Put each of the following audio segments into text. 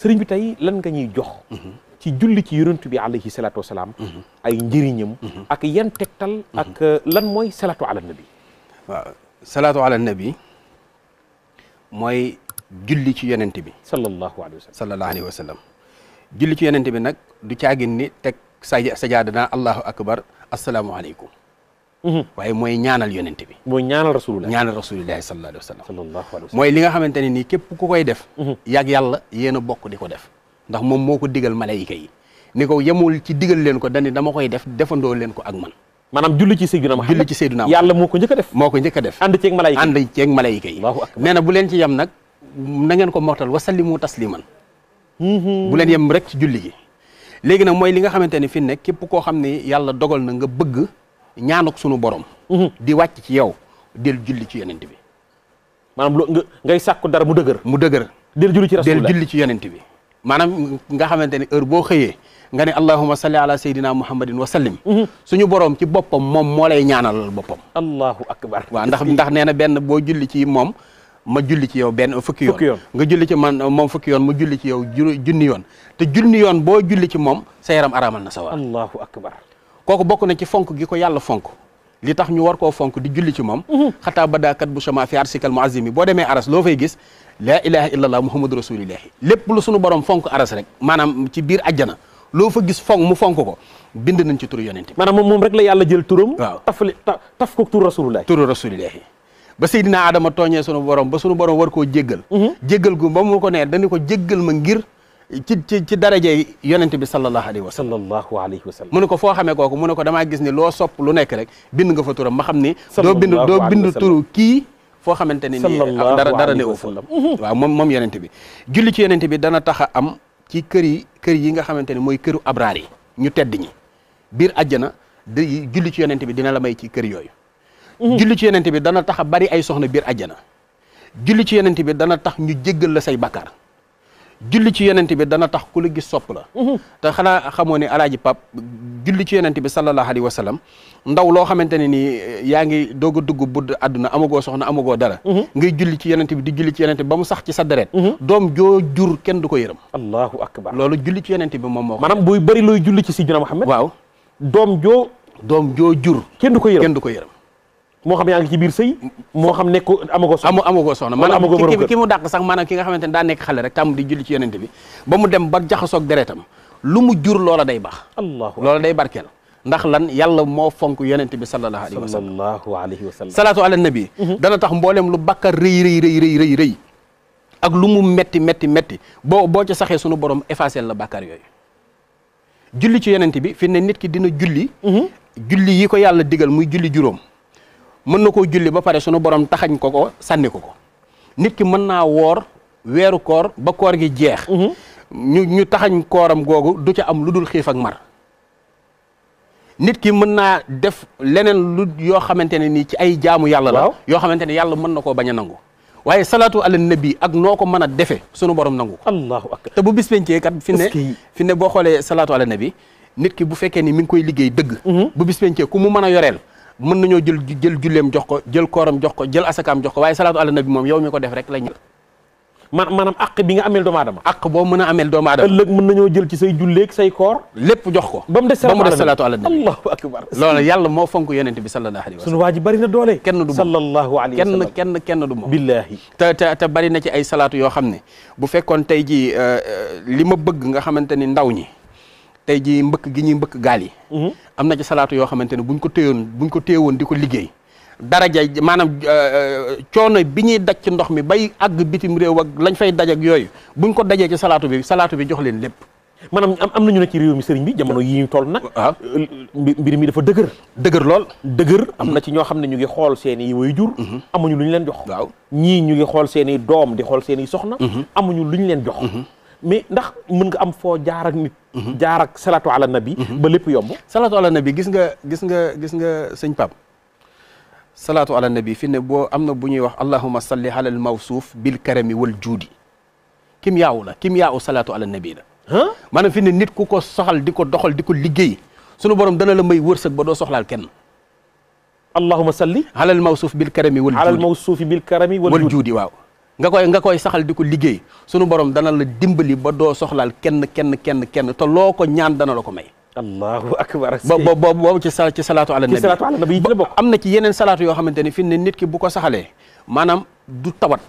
sëriñ bi tey lan nga ñuy jox. Mhm. ci julli ci yonent bi alayhi salaatu wa salaam. Mhm. ay njëriñam. Mhm. ak yan tegtal. ak euh, lan mooy salaatu ala nabi. waaw salaatu ala nabi mooy julli ci yonent bi. sallallahu alayhi wa sallam sallallahu julli ci yonent bi nag du caagin ni teg sa sajaada allahu akbar asalaamualeykum. Mhm. waaye mooy ñaanal yonent bi mooy ñaanal rasulullah ñaanal rasulillahi sallallahu alayhi wa sallam mooy li nga xamante ne nii képp ku koy def mhm. yàgg yàlla yéen a bokk di ko def ndax moom moo ko digal malayka yi ni ko yemul ci digal leen ko dani dama koy def defandoo leen ko ak man maanaam julli ci Seydina Muhammad julli ci Seydina Muhammad yàlla moo ko njëkk a def moo a def ànd ceeg malayka ànd yi nee bu leen ci yem nag na ko mortal wasallimu tasliman mhm. bu leen yem rek ci julli gi léegi nag mooy li nga xamante ne fi nekk képp koo xam ne yàlla dogal na nga bëgg ñaanuk suñu borom. Mhm. di wàcc ci yow del julli ci yonent bi. maanaam loo ngay sàkku dara mu dëgër. mu dëgër del julli ci rasulullah del ci yonent bi. maanaam nga xamante ne heure boo xëyee nga ne allahumma salli ala sayyidina muhammadin wa sallim. Mhm. suñu borom ci boppam moom moo lay ñaanalal boppam. allahu akbar. waaw ndax ndax nee na benn boo julli ci moom. ma julli ci yow benn fukki yoon nga julli ci man moom fukki yoon ma julli ci yow junni yoon te junni yoon boo julli ci moom sa yaram araamal na sa war allahu akbar kooku bokk na ci fonk gi ko yàlla fonk li tax ñu war koo fonk di julli ci moom mhm. xataa badaakat bu sama fi arsikal muazimi boo demee aras loo fay gis laa ilaha illa mu fonk ko bind nañ ci turu yonente maanaam moom rek la yàlla jël turam waaw taf taf ko turu rasulillahi ba Seydina Adama tooñee sunu borom ba sunu borom war koo jéggal mhm. jéggal gu ba mu ko nee dañu ko jéggal ma ngir ci ci ci daraje yonent bi sallallahu alayhi wa sallam sallallahu alayhi wa sallam mu ne ko foo xamee kooku mu ne ko damaa gis ni loo sopp lu nekk rek bind nga fa turam ma xam ni doo bind doo bind turu kii foo xamante ne ni dara dara ne fa uhuh. waaw moom moom yonent bi julli ci yonent bi dana tax am ci kër yi kër yi nga xamante ne mooy këru abraar yi ñu tedd ñi biir àjjana di julli ci yonent bi dina la may ci kër yooyu uhuh. julli bi dana tax a bari ay soxna biir àjjana julli ci yonent bi dana tax ñu jëggal la say bakaar julli ci yonent bi dana tax ku la gis sopp la mhm. te xanaa xamoo ne alaaji pap julli ci yonent bi sallallahu alayhi wa sallam ndaw loo xamante ne nii eh, yaa ngi doog a dugg budd àdduna amagoo soxna amagoo dara mhm. ngay julli ci yonent bi di julli ci yonent bi ba mu sax ci sa deret mhm. doom joo jur kenn du ko yërëm allahu akbar loolu julli ci yonent bi moom moo ko maanaam buy bëri looy julli ci sidina Muhammad waaw doom joo doom joo jur kenn du ko yërëm ko yërëm moo xam yaa ngi ci biir sëy moo xam nekk amagoo soxna amagoo soxna maanaam ki mu dàq sax maanaam ki nga xamante ne daa nekk xale rek tàmm di julli ci yonente bi ba mu dem ba jaxasoog deretam lu mu jur loola day baax allah loola day barkeel ndax lan yàlla moo fonk yonente bi sallallahu alayhi wa sallam sallallahu alayhi wa sallam salaatu ala nabi mhm. dana tax mbooleem lu bakkar rëy rëy rëy rëy rëy rëy ak lu mu metti metti metti boo boo ca saxee sunu borom effacé la bakkar yooyu julli ci yonente bi fi ne nit ki dina julli mhm. julli yi ko yàlla digal muy julli juróom mën na koo julli ba pare sunu borom taxañ ko ko sànni ko ko nit ki mën naa woor weeru koor ba koor gi jeex. Mhm. ñu taxañ kooram googu du ca am lu dul xiif ak mar. nit ki mën naa def leneen lu yoo xamante ne nii ci ay jaamu yàlla la. yoo xamante ne yàlla mën na koo bañ a nangu. waaye salaatu ala nabi ak noo ko mën a defee sunu borom nangu ko. allahu akbar te bu bis pencee kat. fi fi ne boo xoolee salaatu ala nabi nit ki bu fekkee nii mi ngi koy liggéey dëgg. Mhm. bu bis pencee ku mu mën a yoreel. mën nañoo jël jël julleem jox ko jël kooram jox ko jël asakaam jox ko waaye salaatu ala nag moom yow mi ko def rek la ñu man maanaam àq bi nga ameel doomu aadama àq boo mën a ameel doomu aadama mën nañoo jël ci say julleeg say koor lépp jox ko ba mu des salaatu ala nabi allahu akbar loolu yàlla moo fonk yonent bi sallallahu alayhi wa sallam sunu waa ji bari na doole kenn du sallallahu alayhi wa sallam kenn kenn kenn du moom billaahi te te te bari na ci ay salaatu yoo xam ne bu fekkoon tey ji euh, euh, li ma bëgg nga xamante ni ndaw ñi tey jii mbëkk gi ñuy mbëkk gaal yi mhm. am na ci salaatu yoo xamante ne buñ ko téyoon buñ ko téyewoon di ko liggéey daraja maanaam euh, euh, coono bi ñuy daj ci ndox mi bay àgg bitim réew ak lañ fay daj ak yooyu buñ ko dajee ci salaatu bi salaatu bi jox leen lépp maanaam am nañu ne ci réew mi sëriñ bi jamono yi ñu toll nag waaw ah. euh, mbir mi dafa dëgër dëgër lool dëgër am na ci ñoo xam ne ñu ngi xool seen i way jur mhm. amuñu lu ñu leen jox waaw ñii ñu ngi xool seen i doom di xool seen i soxna mhm. amuñu lu mais ndax mën nga am foo jaar ak nit. Mhm. jaar ak salatu mhm. ba lépp yomb. salatu ala gis nga gis nga gis nga sëñ Pape. salatu fi ne boo am na bu ñuy wax allahuma salli ala al mawsuuf bil karami wal juudi. kim yaawu la kim yaawu salatu ala nabi la. maanaam fi ne nit ku ko soxal di ko doxal di ko liggéey. sunu borom dana la may wërsëg ba doo soxlaal kenn. allahuma salli. ala al mawsuuf bil karami wal juudi ala al mawsuuf bil karami wal juudi waaw. nga koy nga koy saxal di ko liggéey sunu borom dana la dimbali ba doo soxlaal kenn kenn kenn kenn te loo ko ñaan dana la ko may. allahu akbar boobu ci sa ci salaatu ala nabi ci salaatu ala nabi yi la bokk am na ci yeneen salaatu yoo xamante nit ki bu ko saxalee maanaam du tawat.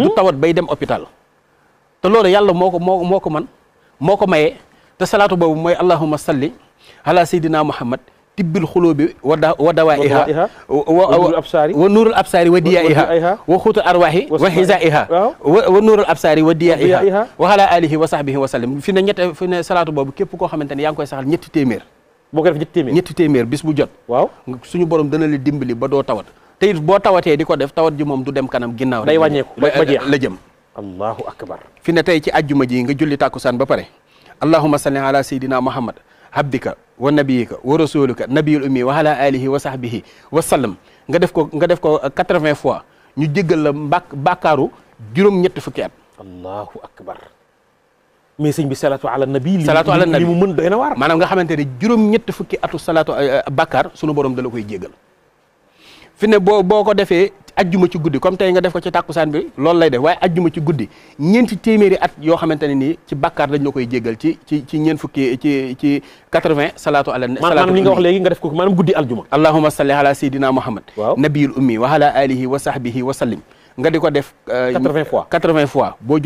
du hmm? tawat bay dem hôpital. te loolu yàlla moo ko moo moo ko man moo ko maye te salaatu boobu mooy allahumma salli ala sayyidina muhammad tibbil xuloo bi wada wa dawaa iha wa nuurul absaari wa diya iha wa xuutul arwaahi wa xisa iha wa nuurul absaari wa diya iha wa ala alihi wa sahbihi wa sallim fi ne ñett fi ne salaatu boobu képp koo xamante ne yaa ngi koy saxal ñetti téeméer boo ko def ñetti téeméer bis bu jot waaw suñu borom dana la dimbali ba doo tawat te it boo tawatee di ko def tawat ji moom du dem kanam ginnaaw day wàññeeku ba jeex la jëm allahu akbar fi ne tey ci ajjuma ji nga julli tàkkusaan ba pare allahuma salli ala sayidina muhammad abdika wa nabiyika wa rasulika nabiyul ummi wa ala alihi wa sahbihi wa sallam nga def ko nga def ko quatre-vingts fois ñu jéggal la mbàkk bàkkaaru juróom-ñetti fukki at allahu akbar mais sëñ bi salaatu ala nabi salaatu ala nabi li mu mën doy na waar maanaam nga xamante ne juróom-ñetti fukki atu salaatu eh, eh, bàkkaar sunu borom da la koy jéggal fi ne boo boo ko defee ajjuma ci guddi comme tey nga def ko ci tàkkusaan bi lool lay def waaye ajjuma ci guddi ñeenti téeméeri at yoo xamante ne nii ci bàkkaar dañ la koy jéggal ci ci ci ñeent fukki ci ci quatre-vingt salaatu ala maanaam li nga wax léegi nga def ko maanaam guddi aljuma allahumma salli ala sayyidina muhammad nabiyul ummi wa ala alihi wa sahbihi wa sallim nga di ko def euh, quatre-vingt fois quatre-vingt fois boo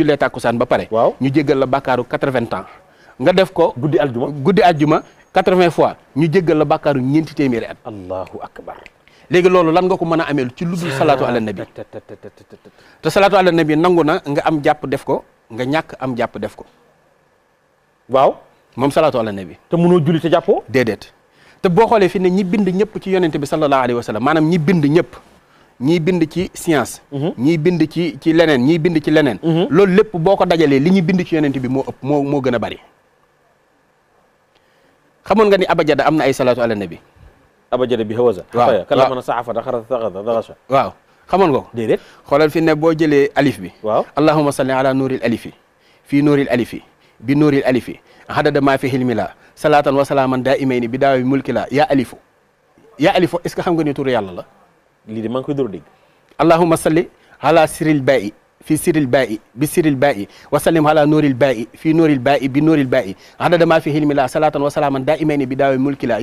ba pare waaw ñu jéggal la bàkkaaru quatre nga def ko guddi aljuma guddi aljuma quatre-vingts fois ñu jéggal la bàkkaaru ñeenti téeméeri at allahu akbar léegi loolu lan nga ko mën a ameel ci lu dul salaatu ala nabi te salaatu ala nabi nangu na nga am jàpp def ko nga ñàkk am jàpp def ko waaw moom salaatu ala nabi te mënoo julli te jàppoo déedéet te boo xoolee fi ne ñi bind ñëpp ci yonente bi sallallahu alayhi wa sallam maanaam ñi bind ñëpp ñii bind ci science mhm. ñii bind ci ci leneen ñii bind ci leneen mhm. loolu lépp boo ko dajalee li ñuy bind ci yonente bi moo ëpp moo moo gën a bari xamoon nga ni abajada am na ay salaatu ala abajada bi hawaza xataya kala man saxafa daxara daxasa daxasa waaw xamoon nga ko déedéet xoolal fi ne boo jëlee alif bi waaw allahuma salli ala nuuril alifi fii nuuril alifi bi nuuril alifi hadada maa fi xilmi la salaatan wa salaaman daa imayni bi daawi mulki la yaa alifu yaa alifu est ce que xam nga ni tur yàlla la allahuma salli ala siril bayi fii siril bayi bi siril bayi wa ala nuuril bayi fii nuuril bayi bi nuuril bayi hadada maa fi xilmi la salaatan wa salaaman daa bi daawi mulki la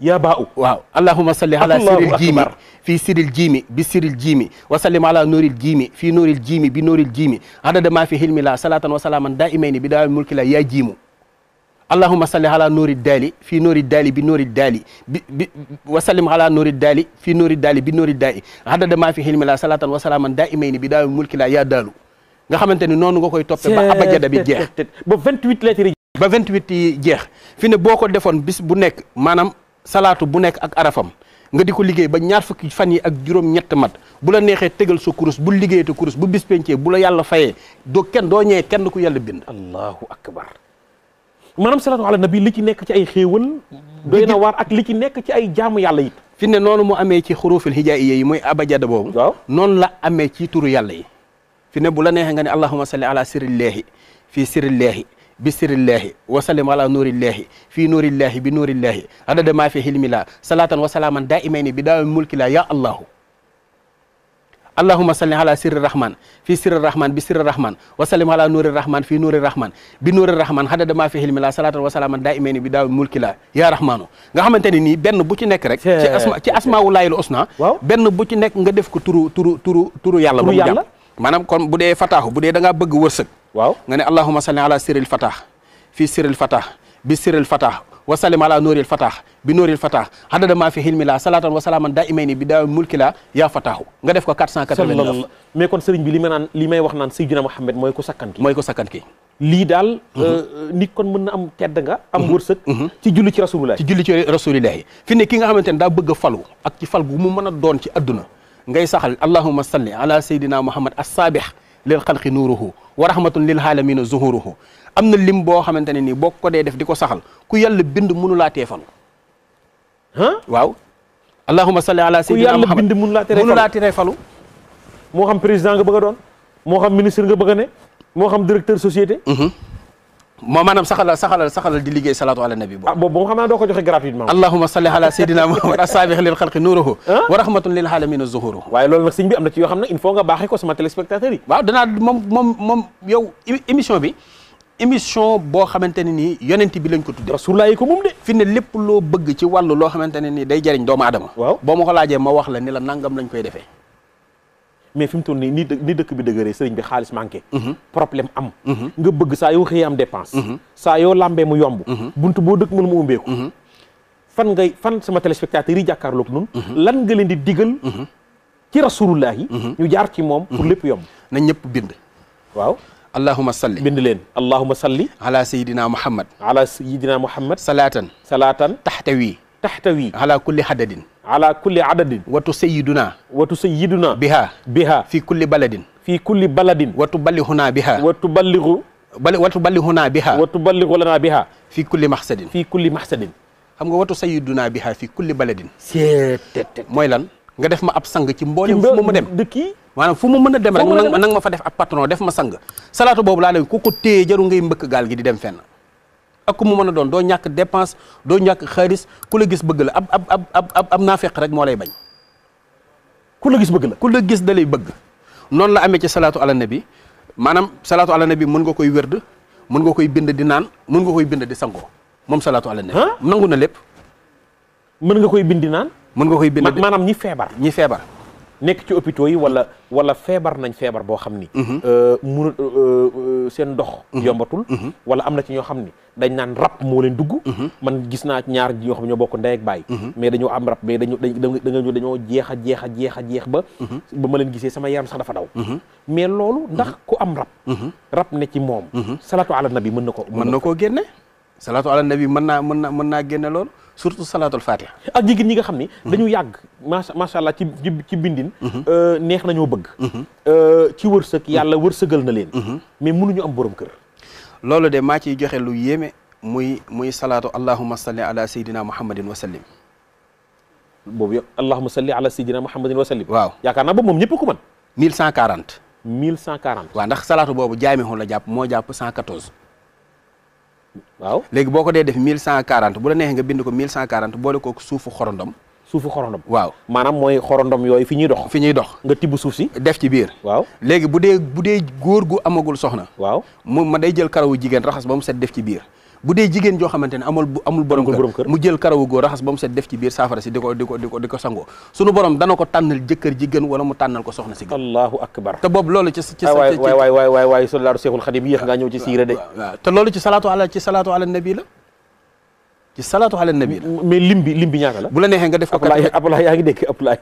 yaa baaw waaw allahuma salli ala siril jiimi fii siril jiimi bi siril jiimi wa sallim ala nuuril jiimi fii nuuril jiimi bi nuuril jiimi adada maa fi xilmi la salatan wa salaaman daa imayni bi daawal mulki la yaa jiimu allahuma salli fii nuuri daali bi nuuri daali bi bi wa sallim ala nuuri daali fii nuuri daali bi nuuri daali adada maa fi xilmi la salatan wa salaaman daa bi daawal mulki la yaa daalu nga xamante ni noonu koy toppe ba abajada bi jeex ba 28 lettres yi ba 28 jeex fi ne boo ko defoon bis bu nekk maanaam salaatu bu nekk ak arafam nga di ko liggéey ba ñaar fukki fan yi ak juróom ñett mat bu la neexee tegal sa kurus bu liggéeyate kurus bu bis pencee bu la yàlla fayee doo kenn doo ñëwee kenn ku yàlla bind allahu akbar maanaam salaatu ala nabi li ci nekk ci ay xéewal doy na waar ak li ci nekk ci ay jaamu yàlla it fi ne noonu mu amee ci xurufil hijaaiya yi muy abajada boobu waaw noonu la amee ci turu yàlla yi fi ne bu la neexee nga ne allahuma salli ala sirilleehi fii sirilleehi bi sirillaahi wa sallim ala nuurillaahi fii nuurillaahi bi nuurillaahi adada maa fi hilmilaa salaatan wa salaaman daa imayni bi daawami mulki laa yaa allahu allahuma salli ala sirri rahman fii sirri rahman bi sirri rahman wa sallim ala nuuri rahman fii nuuri rahman bi nuuri rahman adada maa fi hilmilaa salaatan wa salaaman daa imayni bi daawami mulki laa yaa rahmaanu nga xamante ne nii benn bu ci nekk rek ci asma ci asmaawullaahil benn bu ci nekk nga def ko turu turu turu turu yàlla ba mu maanaam kon bu dee fataaxu bu dee da ngaa bëgg wërsëg waaw nga ne allahuma salli ala siril fatah fii siril fatah bi siril fatah wa sallim ala nuuril fatah bi nuuril fatah hadada maa fi xilmi laa salaatan wa salaaman daa imayni bi daa mulki laa yaa fataaxu nga def ko 489 mais kon sëriñ bi li ma naan li may wax naan Seydina Muhammad mooy ko sakkan ki mooy ko sakkan ki lii daal mhm. euh, nit kon mën na am tedd nga am mhm. wërsëg mhm. ci julli ci rasulillah ci julli ci rasulillah yi fi ne ki nga xamante ne daa bëgg a ak ci fal gu mu mën a doon ci ngay saxal allahuma salli ala sayyidina muhammad assaabih lil xalqi nuuruhu wa rahmatun lil haalamina zuhuruhu am na lim boo xamante ne nii boo ko dee def di ko saxal ku yalla bind mënulaa teefanu ah waaw allahuma salli ala sayyidina muhammad ku yàlla bind mënulaa tere falu mënulaa tere falu moo xam président nga bëgg doon moo xam ministre nga bëgg ne moo xam directeur société mhm. moo maanaam saxalal saxalal saxalal di liggéey salaatu ala nabi boobu ah boobu xam naa doo ko joxe muhammad asabih lil xalqi nuruhu ah? wa lil alamin zuhuru waaye loolu nag sëñ bi am na ci xam ne il faut ko sama téléspectateurs yi waaw danaa moom moom moom yow émission bi émission boo xamante ne nii yonent bi lañ ko tudde rasulullah yi ko de fi ne lépp loo bëgg ci wàllu loo xamante ne nii day jëriñ doomu aadama waaw boo ma ko laajee ma wax la ni la nangam lañ koy defee mais fi mu ni ni dëkk bi dëgëree sëriñ bi xaalis manqué mhm. problème am mhm. nga bëgg saa yoo xëyee am dépense mhm. saa yoo làmbee mu yomb bunt boo dëkk mën mu umbeeku fan sama téléspectateurs yi jàkkaarloog nun lan nga leen di digal ci rasulullah yi ñu jaar ci moom pour lépp yomb na ñëpp bind waaw allahuma salli bind leen allahuma salli ala sayidina muhammad ala sayidina muhammad salaatan salaatan taxtawi taxtawi ala kulli hadadin ala kulli adadin watu sayiduna watu sayiduna biha biha fi kulli baladin fi kulli baladin watu ballihuna biha watu balligu bal watu ballihuna biha watu balligu lana biha fi kulli maxsadin fi kulli maxsadin xam nga watu sayiduna biha fi kulli baladin seetet mooy lan nga def ma ab sang ci mboolem fu ma ma dem dëkk yi maanaam fu ma mën a dem rek nang ma fa def ab patron def ma sang salaatu boobu laa lay ku ko téye jaru ngay mbëkk gaal gi di dem fen ak ku mu doon doo ñàkk dépense doo ñàkk xaalis ku la gis bëgg la ab ab ab ab ab naafeq rek moo lay bañ ku la gis bëgg la ku la gis dalay bëgg noonu la amee ci salaatu ala nabi maanaam salaatu ala nabi mën nga koy wérd mën nga koy bind di naan mën nga koy bind di sangoo moom salaatu ala nabi nangu na lépp mën nga koy bind di naan mën nga koy bind maanaam ñi feebar ñi feebar nekk ci hôpitaux yi wala wala feebar nañ feebar boo xam ni. Mhm. Euh, munu euh, euh, seen ndox. Mhm. yombatul. Mhm. wala am na ci ñoo xam ni dañ naan rab moo leen dugg. man gis naa ñaar ñoo xam ñoo bokk ndey ak baay. mais dañoo am rab mais dañu dañoo dañoo jeex a jeex a jeex a jeex ba. ba ma leen gisee sama yaram sax dafa daw. mais loolu ndax ku am rab. rab ne ci moom. salatu ala nabi mën na ko mën salaatu ala nabi mën naa mën na mën naa génne loolu surtout salaatul fatiha ak jigéen ñi nga xam ni mhm. dañu yàgg macha allah ci ci bindin mhm. euh, neex nañoo bëgg mhm. euh, ci wërsëg yàlla wërsëgal na leen mais mënuñu am borom kër loolu de maa ciy joxe lu yéeme muy muy salaatu allahuma salli ala sayyidina muhammadin wa sallim boobu yo allahuma salli ala sayyidina muhammadin wa sallim waaw yaakaar naa boobu moom ñëpp ko mën ndax salaato boobu jaamixun a jàpp moo jàpp cent quatorze waaw léegi boo ko dee def mille cent quarante bu la neexee nga bind ko mille cent quarante boole kook suufu xorondom suufu xorondom waaw maanaam mooy xorondom yooyu fi ñuy dox fi ñuy dox nga tibb suuf si def ci biir waaw léegi bu dee bu dee góor gu amagul soxna waaw mu ma day jël karawu jigéen raxas ba mu set def ci biir bu dee jigéen joo xamante ne amul amul borom kër mu jël karawu góor raxas ba mu set def ci biir saafara si di ko di ko di ko di ko sangoo suñu borom dana ko tànnal jëkkër ji gën wala mu tànnal ko soxna si gën allahu loolu ci salaatu ala ci salaatu ala nabi la ci salaatu ala nabi mais lim bi lim bi ñaata la bu la neexee nga def ko apulaay yaa ngi dégg apulaay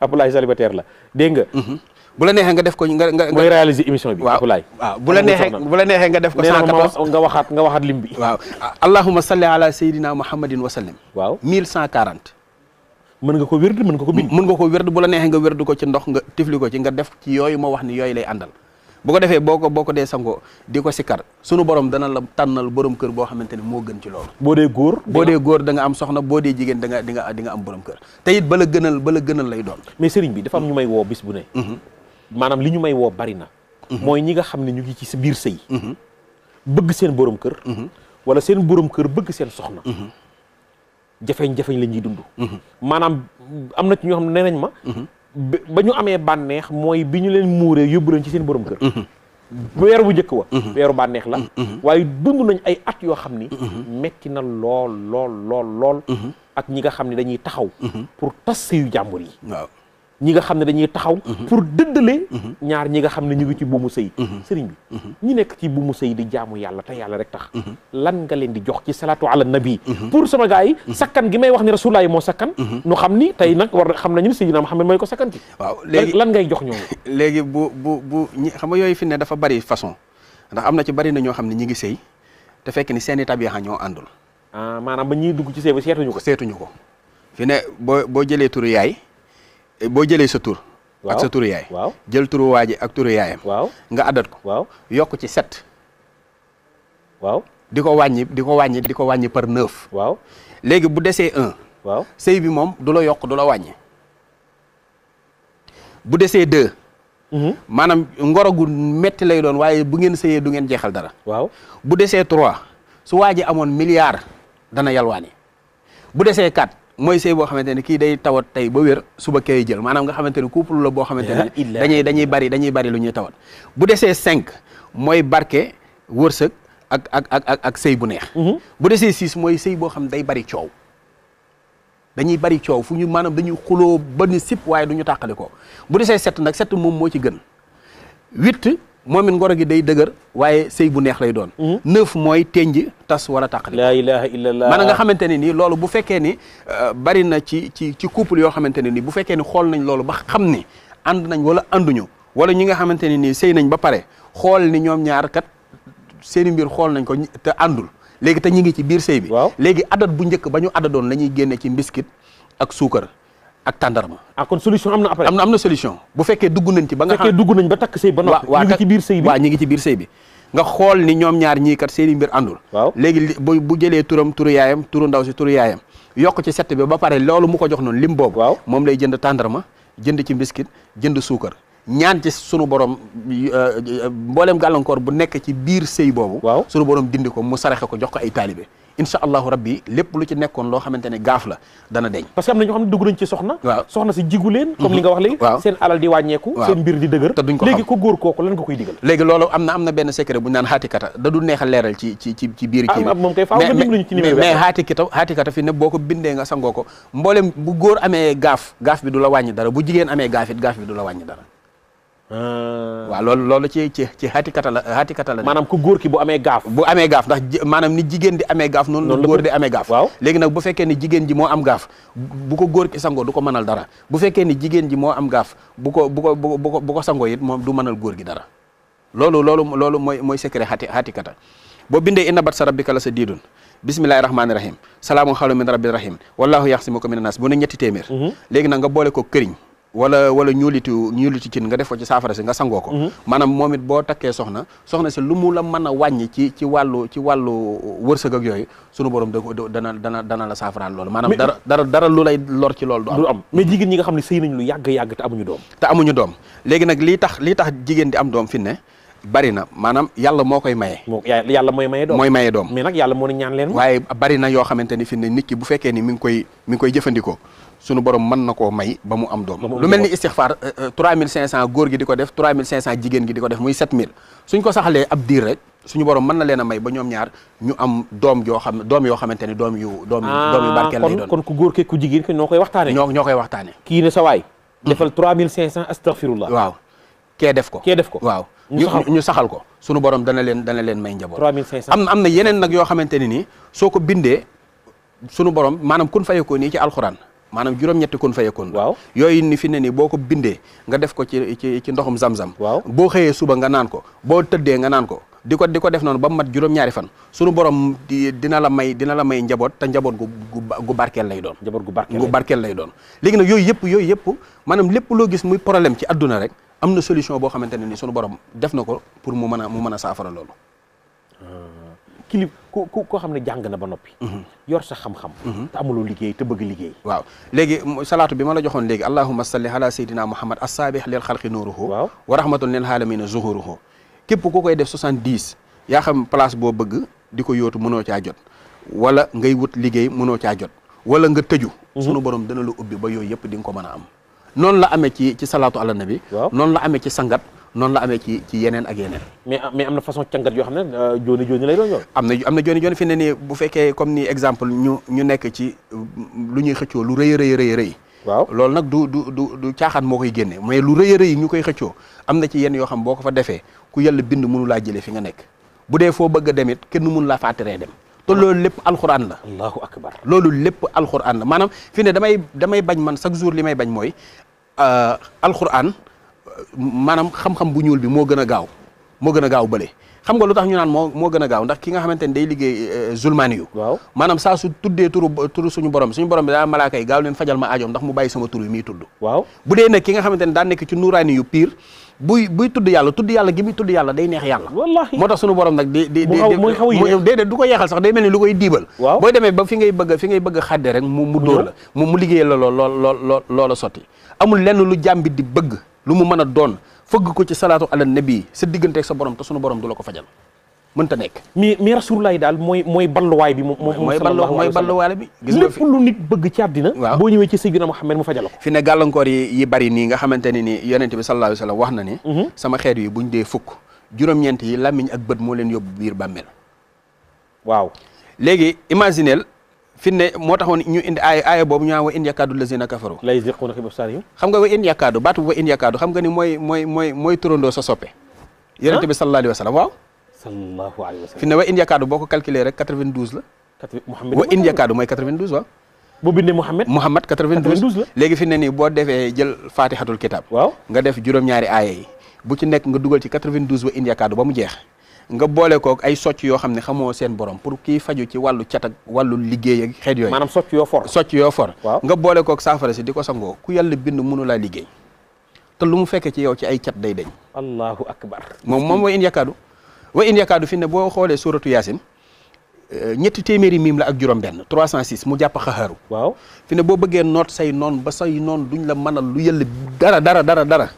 apulaay célibataire la dégg nga mhm. bu la neexee nga def ko nga nga. mooy réaliser émission bi. waaw waaw bu la neexee bu la neexee nga def ko. 114 nga waxaat nga waxaat lim bi. waaw allahumma salli ala mën nga ko wérd mën nga ko bind. nga ko wérd bu la neexee nga wérd ko ci ndox nga tifli ko ci nga def ci yooyu ma wax ni yooyu lay àndal. bu ko defee boo ko boo ko dee sangoo di ko sikkar sunu borom dana la tànnal borom kër boo xamante ne moo gën ci loolu. boo dee góor. boo dee góor da am soxna boo dee jigéen da nga di nga di nga am borom kër te bala gënal lay doon. mais sëriñ bi dafa am ñu may woo bis bu ne. Mm-hmm. maanaam li ñu may woo bari na. mooy ñi nga xam ne ñu ngi ci biir sëy bëgg seen borom kër. wala seen borom kër bëgg seen soxna. jafeñ-jafeñ la ñuy dund. maanaam am na ci ñoo xam ne nee nañ ma. ba ñu amee bànneex mooy bi ñu leen muuree yóbbu leen ci seen borom kër. weer bu njëkk wa. weeru bànneex la. waaye dund nañ ay at yoo xam ni. metti na lool lool lool lool. ak ñi nga xam ne dañuy taxaw. pour tas sëyu jàmbur yi. ñi nga xam ne dañuy taxaw mhm. pour dëddale mhm. ñaar ñi nga xam ne ñu ngi ci buumu sëy mhm. sëriñ bi ñi nekk ci buumu sëy di jaamu yàlla te yàlla rek tax lan nga leen di jox ci salaatu ala nabi pour sama yi sakkan gi may wax ni rasulullah moo sakkan nu xam ni tey nag war xam nañu sayyidina Muhammad mooy ko sakkan waaw léegi lan ngay jox ñoom léegi bu bu bu xam nga yooyu fi ne dafa bari façon ndax am na ci bari na ñoo xam ne ñi ngi sëy te fekk ni seeni tabiya ñoo àndul ah, maanaam ba ñuy dugg ci sëy ba seetuñu ko seetuñu ko fi boo boo jëlee turu yaay boo jëlee sa tour ak sa turu yaay. waaw jël turu waa ji ak turu yaayam. waaw nga adat ko. waaw yokk ci set waaw di ko wàññi di ko wàññi di ko wàññi par neuf. waaw léegi bu desee un. waaw sëy bi moom du la yokk du la wàññi. bu desee deux. Mhm. maanaam ngoro gu metti lay doon waaye bu ngeen sëyee du ngeen jeexal dara. waaw bu desee trois su waa ji amoon milliard dana yi bu desee quatre. mooy sëy boo xamante ne kii day tawat tey ba wér suba kay jël maanaam nga xamante ne couple la boo xamante ne dañuy dañuy bari dañuy bari lu ñuy tawat bu desee cinq mooy barke wërsëg ak ak ak ak ak sëy bu neex mhm. bu desee six mooy sëy boo xam ne day bari coow dañuy bari coow fu ñu maanaam dañuy xuloo ba ni sip waaye du ñu tàqali ko bu desee sept nag sept moom moo ci gën huit moom it ngoro gi day dëgër waaye sëy bu neex lay doon mhm. neuf mooy tenj tas war a tàqali laa ilaha illallah nga xamante ne nii loolu bu fekkee ni euh, bari na ci ci ci couple yoo xamante ne nii bu fekkee ni xool nañ loolu ba xam ni ànd nañ wala ànduñu wala ñi nga xamante ne nii sëy nañ ba pare xool ni ñoom ñaar kat seeni mbir xool nañ ko te àndul léegi te ñu ngi ci biir sëy bi léegi adat bu njëkk ba ñu adadoon la ñuy génne ci mbiskit ak suukar ak tàndarma. Ah, kon solution am na après. am am na solution bu fekkee dugg nañ ci ba nga. xam fekkee dugg nañ ba takk sëy ba noppi. ñu ngi ci nga xool ni ñoom ñaar ñii kat seen i mbir àndul. waaw léegi bu bu jëlee turam turu yaayam turu ndaw si turu yokk ci set bi ba pare loolu mu ko jox noonu lim boobu. waaw moom lay jënd tàndarma jënd ci mbiskit jënd suukar ñaan ci sunu borom euh, euh, mboolem gàllankoor bu nekk ci biir sëy boobu. waaw sunu borom dindi ko mu saraxe ko jox ko ay taalibe incha allahu rabbi lépp lu ci nekkoon loo xamante ne gaaf la dana deñ parce que am na ñoo xam ne dugg nañ ci soxna soxna si jigu leen comme li mhm. nga wax léegi waaw seen alal di wàññeeku seen mbir di dëgër te duñ ko léegi ko góor kooku lan nga koy loolu am na am na benn secret bu ñu naan xaatikata da du neex a leeral ci ci ci ci biir kii ah, moom kay faaw nga dimbali ñu ci numéro mais xaatikata xaatikata fi ne boo ko bindee nga sangoo ko mboolem bu góor amee gaaf gaaf bi du la wàññi dara bu jigéen amee gaaf it gaaf bi du la wàññi dara Ah. waaw loolu loolu ci ci ci xaatikata la xaatikata la maanaam ku góor ki bu amee gaaf bu amee gaaf ndax maanaam ni jigéen di amee gaaf noonu góor di amee gaaf waaw léegi nag bu fekkee ni jigéen ji moo am gaaf bu ko góor ki sangoo du ko mënal dara bu fekkee ni jigéen ji moo am gaaf bu ko bu ko bu ko bu ko sangoo it moom du mënal góor gi dara loolu loolu loolu mooy mooy secret xaati boo bindee inna bat sa rabbika la sa diidun bismillahi rahmaani rahim salaamu xalu min rabbi rahim wallahu yaxsimuka min annas bu ne ñetti téeméer mhm. léegi boole ko këriñ wala wala ñuulitu ñuulitu cin nga defoo ci saafara si nga sangoo ko mhm. maanaam moom it boo takkee soxna soxna si lu mu la mën a wàññi ci ci wàllu ci wàllu wërsëg ak yooyu sunu borom da dana dana dana la saafaraal loolu maanaam dara dara dara lu lay lor ci loolu du am jigéen ñi nga xam ne sëy nañ lu yàgg-yàgg te amuñu doom te amuñu léegi nag lii tax lii tax jigéen di am doom fi ne na maanaam yàlla moo koy maye yàlla mooy maye doom mooy maye doom mais nag yàlla moo ne ñaan leen waaye bari na yoo xamante ni fi ne nit ki bu fekkee ni mi ngi koy mi ngi koy jëfandikoo sunu borom mën na koo may ba mu am doom lu mel ni istixfaar 3500 euh, euh, góor gi di ko def 3500 jigéen gi di ko def muy 7000 suñ ko saxalee rek suñu borom mën na leen a may ba ñoom ñaar ñu am doom yoo xam doom yoo xamante ni doom yu doom doom yu ah, barkeel lay doon kon ku góor ke ku jigéen ke noo koy waxtaane ñoo ñoo koy waxtaane kii ne sa waay mm. defal 3500 astaghfirullah kee def ko kee def ko waaw ñu saxal ko suñu borom dana leen dana leen may njaboot 3500 am am na yeneen nag yoo xamante ni nii soo ko bindee suñu borom maanaam kun fayekoo nii ci alxuraan maanaam juróom-ñetti kun fayekoon waaw yooyu ni fi ne ni boo ko bindee nga def ko ci ci ci ndoxum sam sam waaw boo xëyee suba nga naan ko boo tëddee nga naan ko di ko di ko def noonu ba mu mat juróom-ñaari fan sunu borom dina la may dina la may njaboot te njaboot gu gu barkeel lay doon njaboot gu barkeel lay doon léegi nag yooyu yëpp yooyu yëpp maanaam lépp loo gis muy problème ci adduna rek am na solution boo xamante ne ni sunu borom def na ko pour mu mën a mu mën a saafara loolu ah. kilib xam ne jàng na ba noppi. Mhm. yor sa xam-xam. Mhm. te amuloo liggéey te bëgg liggéey. waaw léegi salaatu bi ma la joxoon léegi allahumma salli ala sayyidina muhammad as-saabih lil xalqi nuuruhu. waaw wa rahmatun lil aalamiina zuhuruhu. képp ku koy def 70 yaa xam place boo bëgg di ko yóotu mënoo jot wala ngay wut liggéey mënoo jot wala nga tëju. Mhm. sunu borom dana la ubbi ba yooyu yëpp di nga ko mën a am. noonu la amee ci ci salaatu ala nabi. waaw la noonu la amee ci ci yeneen ak yeneen mais mais am na façon càngat yoo xam ne euh, jooni jooni lay doon yoon am na am na jooni jooni fi ne nii bu fekkee comme ni exemple ñu ñu nekk ci mm, lu ñuy xëccoo lu rëy rëy rëy rëy waaw loolu nag du du du du caaxaan moo koy génne mais lu rëy rëy ñu koy xëccoo am na ci yenn yoo xam boo ko fa defee ku yàlla bind mënu laa jëlee fi nga nekk bu dee foo bëgg a kenn mënu laa fàttaree dem te loolu lépp alxuraan la allahu akbar loolu lépp alxuraan la maanaam fi ne damay damay bañ man chaque jour li may bañ mooy euh, alxuraan maanaam xam-xam bu ñuul bi moo gën a gaaw moo gën a gaaw bële xam nga lu tax ñu naan moo moo gën a gaaw ndax ki nga xamante ni day liggéey euh, zulmaani yu waaw maanaam saa su tuddee turu turu suñu borom suñu borom bi daa malaaka yi gaaw leen fajal ma aajoom ndax mu bàyyi sama tur yi muy tudd waaw bu dee nag ki nga xamante ne daa nekk ci nuuraani yu pire buy buy tudd yàlla tudd yàlla gi muy tudd yàlla day neex yàlla wallaahi moo tax suñu borom nag di di déedéet du ko yeexal sax day mel ni lu koy diibal waaw booy demee ba fi ngay bëgg fi ngay bëgg a xàdde rek mu mu dóor la mu liggéey la lool lool lool loola sotti amul lenn lu jàmbi di bëgg lu mu mën a doon fëgg ko ci salaatu ala nabi sa digganteeg sa borom te sunu borom du la ko fajal mënta nekk. mais mais rasulullah daal mooy mooy balluwaay bi. moom moom mooy ballu mooy balluwaay bi. gis nga fi lépp lu nit bëgg ci àddina. waaw boo ñëwee ci Seydina Muhammad mu fajal ko. fi ne gàllankoor yi yi bari nii nga xamante ne ni yonent bi sallallahu alayhi wa wax na ni. Mhm. sama xeet yi buñ dee fukk juróom-ñeent yi làmmiñ ak bët moo leen yóbbu biir bàmmeel. waaw léegi imagineel finne moo taxoon ñu indi aaya aaya boobu ñu naan wa in yakaadu lazina kafaru la yuzliquuna bi absaarihim xam nga wa in yakaadu baatu wa in yakaadu xam nga ni mooy mooy mooy mooy turandoo sa soppe yonent bi sallallahu wa sallam waaw sallallahu wa sallam finne boo ko calculé rek 92 la Muhammad wa in yakaadu mooy 92 waaw boo bindee Muhammad Muhammad 92 léegi fi ne nii boo defee jël faatihatul kitab waaw nga def juróom-ñaari aaya yi bu ci nekk nga dugal ci 92 wa in yakaadu ba mu jeex nga boole kook ay socc yoo xam ne xamoo seen borom pour ki faju ci wàllu cat ak wàllu liggéey ak xeet yooyu maanaam socc yoo for socc yoo for nga boole kook saafara si di ko sangoo ku yàlla bind mënu laa liggéey te lu mu fekkee ci yow ci ay cat day deñ allahu akbar moom moom wa in yakaadu wa in yakaadu fi ne boo xoolee suratu yaasin euh, ñetti téeméeri miim la ak juróom benn trois 306 mu jàpp xaxaaru waaw fi ne boo bëggee noot say noon ba say noon duñ la mënal lu yëlla dara dara dara dara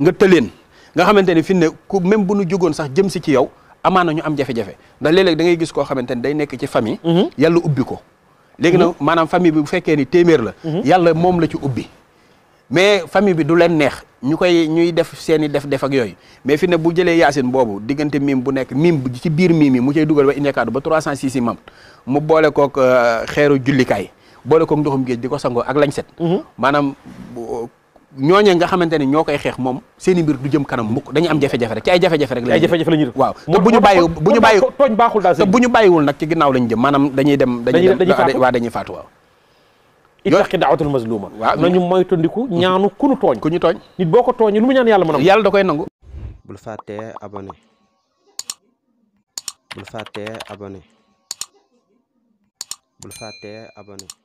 nga tëleen nga xamante ne fi ne ku même bu nu jógoon sax jëm si ci yow amaana ñu am jafe-jafe ndax léeg-léeg da ngay gis koo xamante ni day nekk ci famille mhm. yàlla ubbi ko léegi nag mhm. maanaam famille bi bu fekkee ni téeméer la mhm. yàlla moom la ci ubbi mais famille bi du leen neex ñu koy ñuy def seen i def def ak yooyu mais fi ne bu jëlee yaasin boobu diggante mim bu nekk mim ci biir mim yi mu cay dugal ba indekaadu ba trois cent six yi mam mu boole kook euh, xeeru jullikaay boole kook ndoxum géej di ko sangoo ak lañ set maanaam ñooñe nga xamante ne ñoo koy xeex moom seeni mbir du jëm kanam mukk dañu am jafe-jafe rek ci ay jafe-jafe rek ay jafe-jafe la ñuy def waaw te bu ñu bàyyi bu ñu bàyyi tooñ baaxul daal te bu ñu bàyyiwul nag ci ginnaaw lañu jëm maanaam dañuy dem dañuy dem waaw dañuy faatu waaw ittaqi da'watul mazluma waaw nañu moytandiku ñaanu ku ñu tooñ ñu tooñ nit boo ko tooñee lu mu ñaan yàlla mën a yàlla koy nangu bul fàttee abonné bul fàttee abonné